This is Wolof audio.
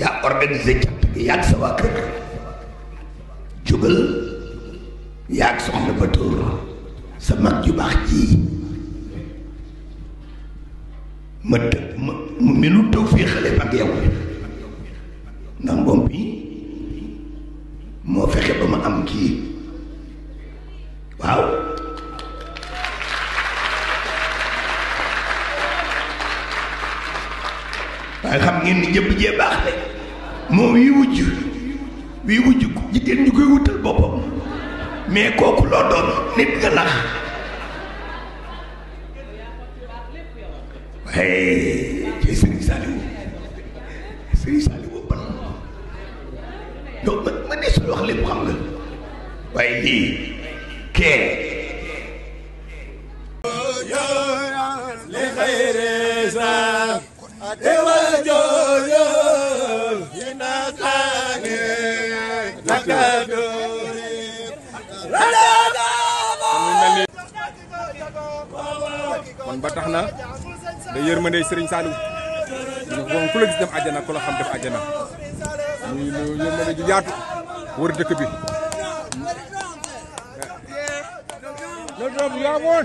yaa organisé cant gi yaa ak sa waa kër jógal yaa ak ba tóor sa mag ju baax ji ma të ma mi nu tëw fii ndax moom bi moo fexe ba ma am kii waaye xam ngeen ni jëpp jee baax de moom wi wujj wi wujj jigéen ñu koy wutal boppam mais kooku loo doon nit nga nax waaye ci Serigne Saliou Serigne Saliou ban yow man ne sul wax lépp xam nga waaye lii kee li xëy kon ba tax na da yërmande Serigne Saliou moom ku la gis dem àjjana ku la xam def àjjana muy lu yërmande ju yaatu wër dëkk bi. loolu yaa woon.